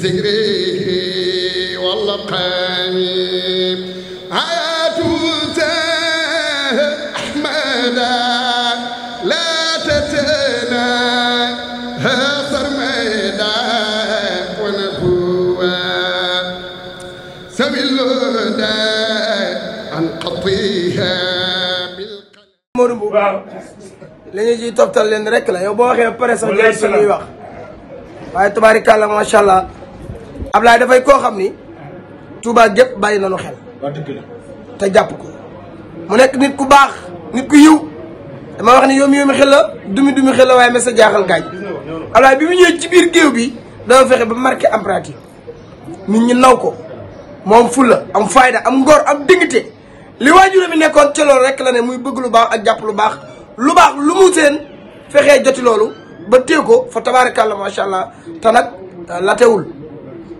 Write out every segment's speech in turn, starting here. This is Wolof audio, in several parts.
ذكره واللقام حياة أحمدا لا تتنا سرمدا ونبوا سوي الهدى عن قطيها li ñu ciy toftal leen rek la yow boo waxee ba pare sax ñooy suñuy wax waaye tubaarikàlla macha allah Ablaye dafay koo xam ni Touba gépp bàyyi nañu xel. te jàpp ko mu nekk nit ku baax nit ku yiw dama wax ne yoom yoom xel la dumi dumi xel la waaye mës a jaaxal gaañ Ablaye bi mu ñëwee ci biir géew bi dafa fexe ba marke en pratique nit ñi naw ko moom fulla am fayda am ngor am dignité li waajuram mi nekkoon ca loolu rek la ne muy bëgg lu baax ak jàpp lu baax lu baax lu mu seen fexee joti loolu ba téye ko fa tabaarkalla macha allah te nag la teewul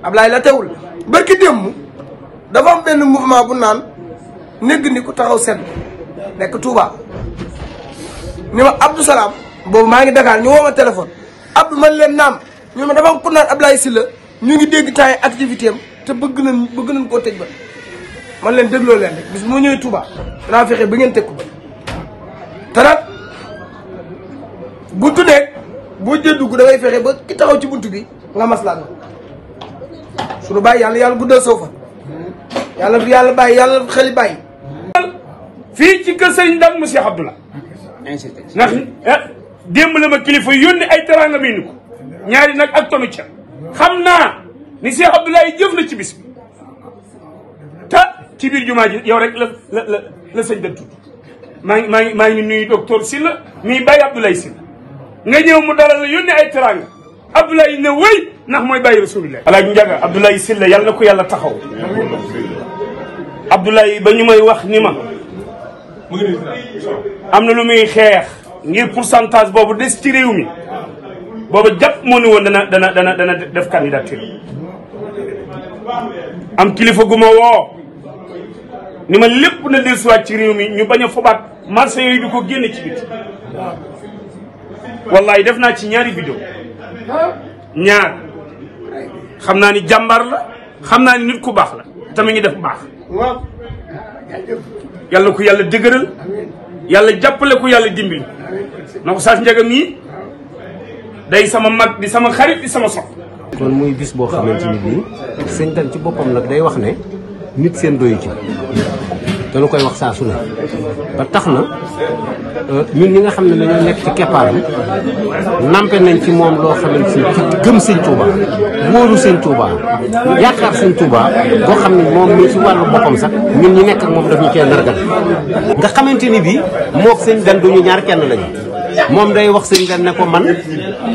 Ablaye la teewul barki démb dafa mu benn mouvement bu naan négg ni ku taxaw sedd nekk Touba ni ma Abdou Salam boobu maa ngi Dakar ñu woo ma téléphone Abdou man leen naam ñu ma dafa am ku naan Ablaye ñu ngi dégg temps activité am te bëgg nañ bëgg nañ koo tëj ba man leen dégloo leen rek bis moo ñëwee tuuba danaa fexe ba ngeen teg ko ba te nag buntu nekk boo jël dugg dangay fexe ba ki taxaw ci buntu bi nga maslaat suñu bàyyi yàlla yàlla guddal saw fan yàlla yàlla bàyyi yàlla xeli bàyyi fii ci kër sëñ Dame mu eh, la ma kilifa yónni ay teranga muy ni ñaari nag ak tonu ca xam naa ni Cheikh Abdoulaye jëf na ci bis bi te ci biir jumaa ji yow la la la la sëñ Dame tudd maa ngi maa ngi maa ngi nuyu docteur Sylla mii Baye Abdoulaye nga ñëw mu dalal la yónni ay teranga Abdoulaye ne wéy ndax mooy bàyyi rasulillah alaaj njaga abdoulaye silla yàlla na ko yàlla taxaw abdoulaye ba ñu may wax ni ma am na lu muy xeex ngir pourcentage boobu des ci réew mi boobu jàpp moo ni woon dana dana dana def candidature am kilifa gu ma woo ni ma lépp na dellusiwaat ci réew mi ñu bañ a fobaat marché yooyu di ko génne ci biti wallaay def naa ci ñaari vidéo ñaar xam naa ni jàmbaar la xam naa ni nit ku baax la te mi ngi def baax yàlla ko yàlla dëgëral yàlla jàppale ko yàlla dimbali na ko saas njagam yi day sama mag di sama xarit di sama sox kon muy bis boo xamante ni bii sëñ tan ci boppam nag day wax ne nit seen doyu ci dana koy wax saa su ne ba tax na euh, ñun ñi nga xam ne dañoo nekk ci bi nampe nañ ci moom loo xamante ci gëm sëñ Touba wóoru sëñ tuuba yaakaar sëñ Touba boo xam ne moom mii ci wàllu boppam sax ñu nekk ak moom daf ñu cee nargal nga xamante ni bii moog sëñ dan duñu ñaar kenn lañu moom day wax sëñ dan ne ko man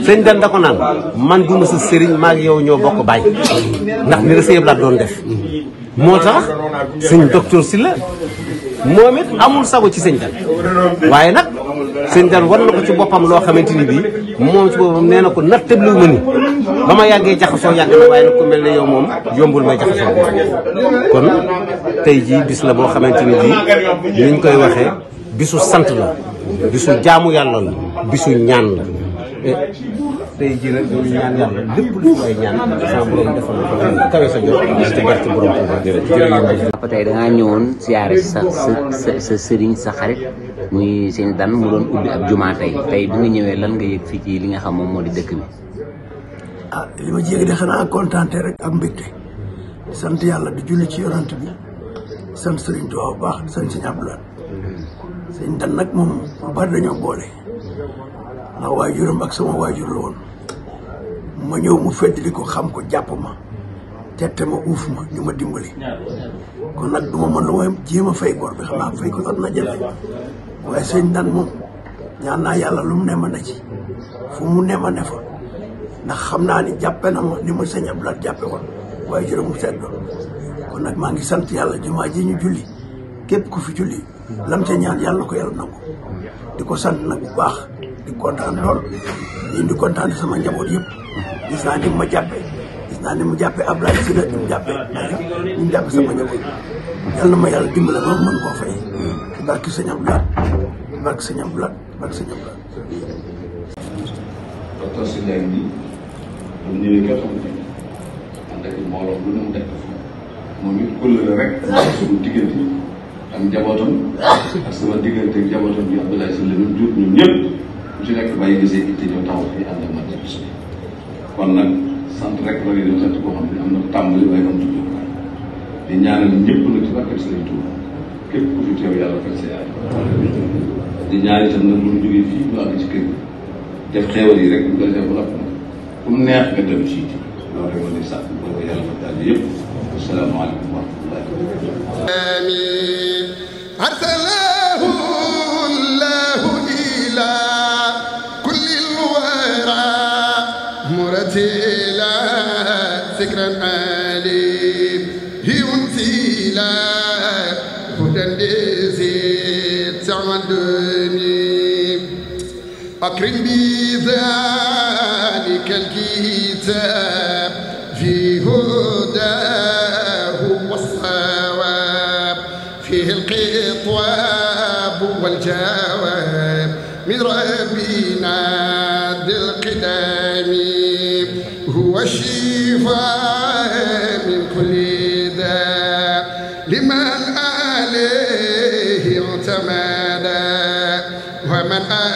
sëñ dan da ko naan man du ma sa sëriñ maa yow ñoo bokk bàyyi ndax ni la sëñ doon def moo tax sëñ docteur si la moom it amul sago ci sëñ Kan waaye nag sëñ Kan war na ko ci boppam loo xamante ni bii moom ci boppam nee na ko nat tëb liwu ma ni ba ma yàggee jaxasoo yàgg na waaye nag ku mel ne yow moom yombul ma jaxasoo kon tey jii bis la boo xamante ni bii niñ koy waxee bisu sant la bisu jaamu yàlla la bisu ñaan la tey jii nag ñu ñaan yàlla lépp lu may ñaan tey dangaa ñëwoon siyaare sa sëriñ sa xarit muy seen dan mu doon ubbi ak jumaa tey tey bi nga ñëwee lan nga yëg fii ci li nga xam moom moo di dëkk bi ah li ma jéegi de xanaa kontaante rek ak mbégte di sant yàlla di julli ci yonant bi sant sëriñ Tuubaa bu baax di sant sëñ Abdoulaye sëñ dan nag moom lu bari dañoo boole ndax waajuram ak sama waajur la woon ma ñëw mu feddali ko xam ko jàpp ma tette ma uuf ma ñu ma dimbali kon nag du ma mën lu ma jéem ma fay gor bi xam naa fay ko na jafe waaye sëñ daan moom ñaan naa yàlla lu mu ne ma na ci fu mu ne ma ne xam naa ni jàppe na ma ni ma sëñ Abdoulaye jàppe woon waaye jërë mu sedd kon nag maa ngi sant yàlla jumaa ji ñu julli képp ku fi julli lam ca ñaan yàlla na ko yàlla nangu di ko sant nag bu baax di kontaan lool di kontaan sama njaboot yëpp gis naa ni ma jàppee gis naa ni mu jàppee Abdoulaye Sylla ni mu jàppee ni mu jàppee sama njaboot yàlla na ma yàlla dimbale ma mën koo fay ci barke sëñ Abdoulaye ci barke sëñ Abdoulaye ci barke sëñ Abdoulaye docteur Sylla bi mu ñëwee nga xam ne ànd ak mbooloo lu ne mu def fi moom it kóllëre rek suñu diggante ak njabootam ak sama diggante ak njabootam bi Abdoulaye Sylla ñun jur ñun ñëpp ku ci nekk bàyyi gisee itti ñëw taxaw fi ànd ak man ci bis bi kon nag sant rek la ñuy def sant koo xam ne am na tàmbali waaye am tudd di ñaanal ñëpp nag ci barkeb Sëriñ Tuuba képp ku fi teew yàlla faj sa yaay di ñaan itam nag lu mu jógee fii bu àgg ci kër gi def xeewal yi rek bu ko defee bu rafet ku mu neex nga dem ci loolu rek ma lay sàkk bu ko yàlla faj daal yëpp asalaamaaleykum wa rahmatulah. amiin. أنزلا ذكرا عليم هي أنزلا هدى لزيد تعدني أكرم بذلك الكتاب في هداه والصواب فيه القطواب والجواب من ربنا ذي القدام هو الشفاء من كل داء لمن عليه اعتمد ومن عليه